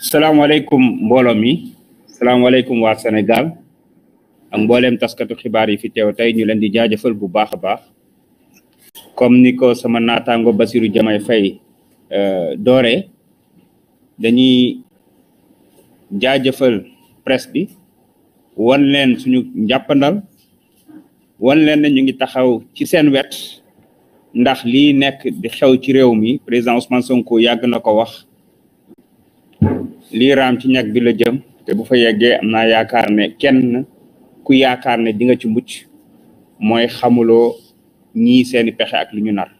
salaamaaleykum mbooloo mi salaamaaleykum waa Sénégal ak mbooleem taskatu xibaar yi fi teew tey ñu leen di jaajafal bu baax a baax comme ni ko sama naataango Basirou jamay Faye euh, dooree dañuy jaajëfal presse bi wan leen suñu njàppandal wan leen ne ñu ngi taxaw ci seen wet ndax lii nekk di xew ci réew mi président Ousmane Sonko yàgg na ko wax lii raam ci ñag bi la jëm te bu fa yeggee am naa yaakaar ne kenn ku yaakaar ne di nga ci mucc mooy xamuloo ñii seeni pexe ak lu ñu nar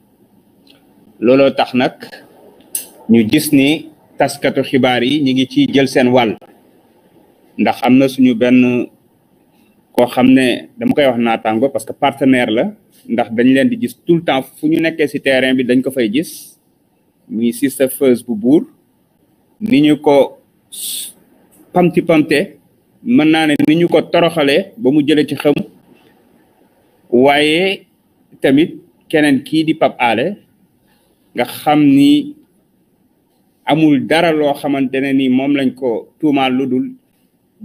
looloo tax nag ñu gis ni taskatu xibaar yi ñu ngi ci jël seen wàll ndax am na suñu benn koo xam ne dama koy wax naataango parce que partenaire la ndax dañ leen di gis tout le temps fu ñu nekkee ci terrain bi dañ ko fay gis muy si sa feuse bu buur ni ñu ko pamti pamte mën naa ne ni ñu ko toroxale ba mu jëlee ci xam waaye tamit keneen kii di Pape Alé nga xam ni amul dara loo xamante ne ni moom lañ ko tuumaal lu dul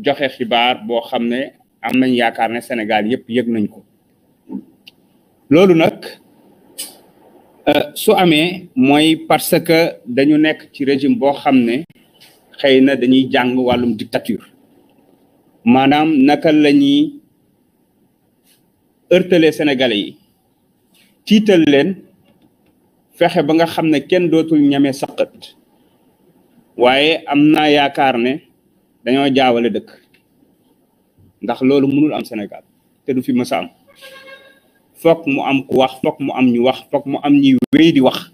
joxe xibaar boo xam ne am nañ yaakaar ne senegal yëpp yëg nañ ko loolu nag euh, su amee mooy parce que dañu nekk ci régime boo xam ne xëy na dañuy jàng wàllum dictature maanaam naka la ñuy ërtale sénégalais yi tiital leen fexe ba nga xam ne kenn dootul ñeme saqat waaye am naa yaakaar ne dañoo jaawale dëkk ndax loolu mënul am Sénégal te du fi mës am foog mu am ku wax foog mu am ñu wax foog mu am ñi wéy di wax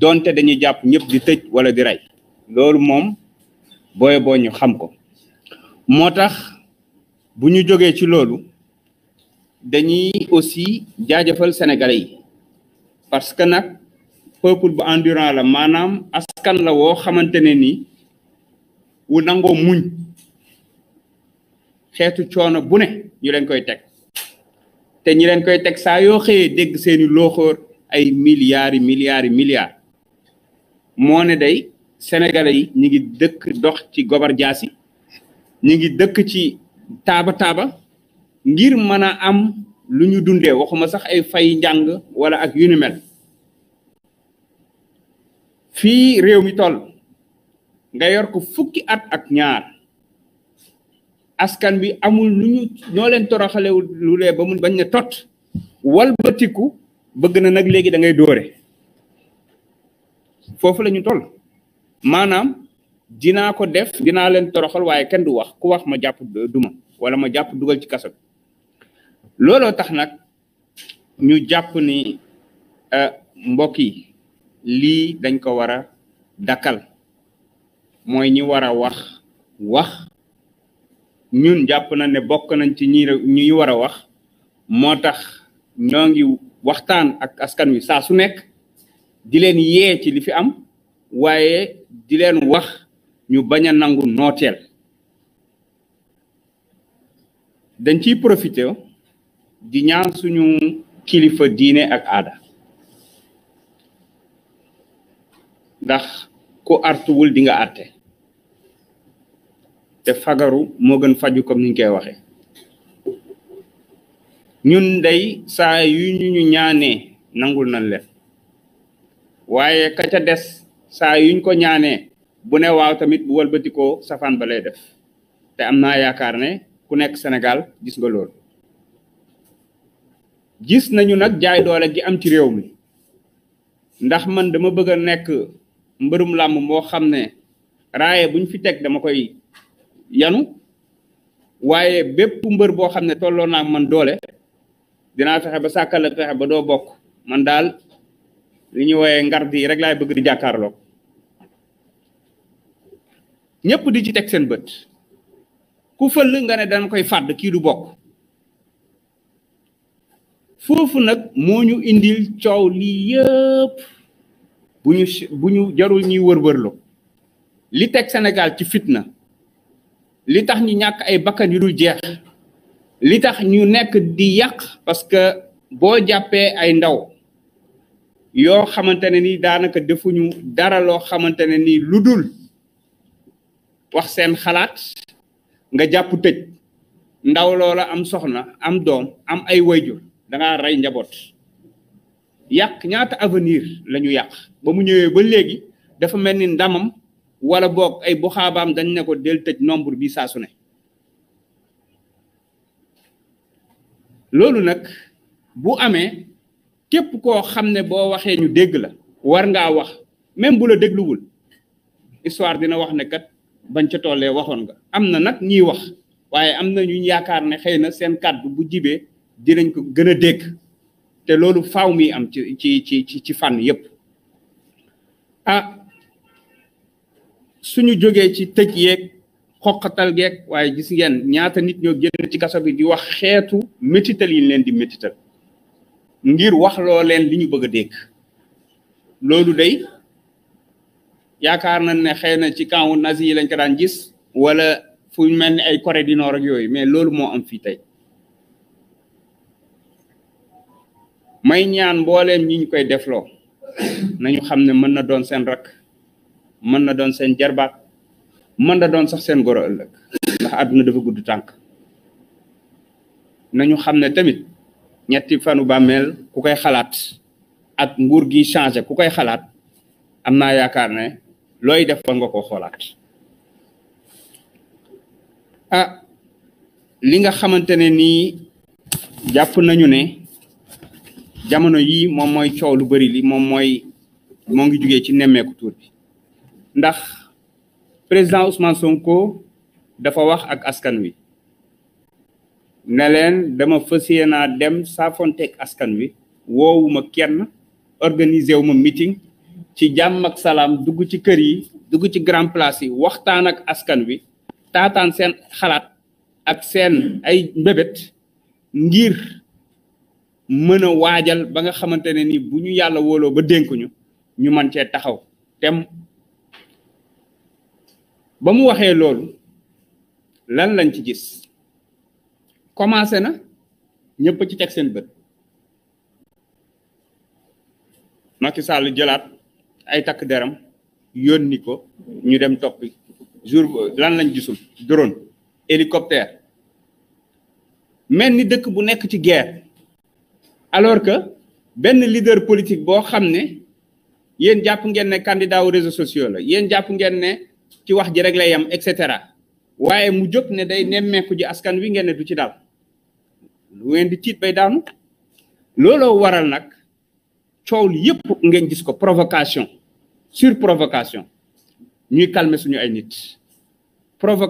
doonte dañuy jàpp ñëpp di tëj wala di rey loolu moom booye boo ñu xam ko moo tax bu ñu jógee ci loolu dañuy aussi jaajëfal sénégalais yi parce que nag peuple ba endurant la maanaam askan la woo xamante ne ni wu nangoo muñ xeetu coono bu ne ñu leen koy teg te ñi leen koy teg saa yoo xëyee dégg seeni looxoor ay milliards yi milliards yi milliards moo ne day sénégalais yi ñu ngi dëkk dox ci gobar jaasi ñu ngi dëkk ci taaba taaba ngir mën a am lu ñu dundee waxuma sax ay fay njàng wala ak yu mel fii réew mi toll nga yor ko fukki at ak ñaar askan bi amul lu ñu noo leen toroxale lu lee ba mu bañ ne tot wal bëgg na nag léegi da ngay dóore foofu la ñu toll maanaam dinaa ko def dinaa leen toroxal waaye kenn du wax ku wax ma jàpp duma wala ma jàpp dugal ci kaso bi looloo tax nag ñu jàpp ni euh, mbokk yi lii dañ ko war a dakkal mooy ñi war a wax wax ñun jàpp na ne bokk nañ ci ñii ñuy war a wax moo tax ñoo ngi waxtaan ak askan wi saa su nekk di leen yee ci li fi am waaye di leen wax ñu bañ a nangu nooteel dañ ciy profité di ñaan suñu kilifa diine ak aada ndax ku artuwul dinga nga te fagaru moo gën faju comme niñ koy waxe ñun dey saa yu ñu ñu ñaanee nangul nañ leen waaye ka ca des saa yuñ ko ñaanee bu ne waaw tamit bu wëlbatikoo safaan ba lay def te am naa yaakaar ne ku nekk Sénégal gis nga loolu gis nañu nag jaay doole gi am ci réew mi ndax man dama bëgg a nekk mbërum làmb moo xam ne raaye buñ fi teg dama koy yanu waaye bépp mbër boo xam ne tolloo naa man doole dinaa fexe ba sàkkal ak fexe ba doo bokk man daal li ñuy wooyee ngar di rek laay bëgg di jàkkaarloo ñëpp di ci teg seen bët ku fël nga ne dana koy fàdd kii du bokk foofu nag moo ñu indil coow lii yëpp bu ñu bu ñu jarul ñuy wër-wërlu li teg senegal ci fitna li tax ñu ñàkk ay bakkan yu dul jeex li tax ñu nekk di yàq parce que boo jàppee ay ndaw yoo xamante ne ni daanaka defuñu dara loo xamante ne ni lu dul wax seen xalaat nga jàpp tëj ndaw loola am soxna am doom am ay wayjur danga rey njaboot yàq ñaata avenir la yàq ba mu ñëwee ba léegi dafa mel ni ndamam wala boog ay buxaabaam dañ ne ko del tëj nombre bi saasu ne loolu nag bu amee képp koo xam ne boo waxee ñu dégg la war ngaa wax même bu la dégluwul histoire dina wax ne kat bañ ca tollee waxoon nga am na nag ñiy wax waaye am na ñu yaakaar ne xëy na seen kàddu bu jibee dinañ ko gën a dégg te loolu faw mi am ci ci ci ci fànn yépp ah suñu jógee ci tëj yeeg xoqatal geeg waaye gis ngeen ñaata nit ñoo génn ci kaso bi di wax xeetu métital yi leen di métital ngir wax loo leen li ñu bëgg a dégg loolu day yaakaar nañ ne xëy na ci camp nazi yi lañ ko daan gis walla fu mel ni ay Corée du Nord ak yooyu mais loolu moo am fii tey may ñaan mbooleem ñi ñu koy defloo nañu xam ne mën na doon seen rakk mën na doon seen jarbaat mën na doon sax seen goro ëllëg ndax àdduna dafa gudd tànk nañu xam ne tamit ñetti fanu bàmmeel ku koy xalaat ak nguur gi changé ku koy xalaat am naa yaakaar ne looy def war nga ko xoolaat a ah, li nga xamante ne nii jàpp nañu ne jamono yii moom mooy coow lu bari li moom mooy moo ngi jugee ci nemmeeku tuur bi ndax président Ousmane Sonko dafa wax ak askan wi ne leen dama fas yéenaa dem saafonteeg askan wi woowuma kenn organiser wu ma meeting ci jàmm ak salaam dugg ci kër yi dugg ci grand place yi waxtaan ak askan wi taataan seen xalaat ak seen ay mbébét ngir mën a waajal ba nga xamante ne ni bu ñu yàlla wooloo ba dénkuñu ñu man cee taxaw tem ba mu waxee loolu lan lañ ci gis commencé na ñëpp ci teg seen bët Macky Sall jëlaat ay takk deram yónni ko ñu dem toppi jour lan lañ gisul drone hélicoptère mel ni dëkk bu nekk ci guerre alors que benn leader politique boo xam ne yéen jàpp ngeen ne candidat wu réseaux sociaux la yéen jàpp ngeen ne ci wax ji rek lay yam et cetera waaye mu jóg ne day nemmeeku ji askan wi ngeen ne du ci daal lu ngeen di tiit bay daanu looloo waral nag coow li yëpp ngeen gis ko provocation sur provocation ñuy calmer suñu ay nit provocation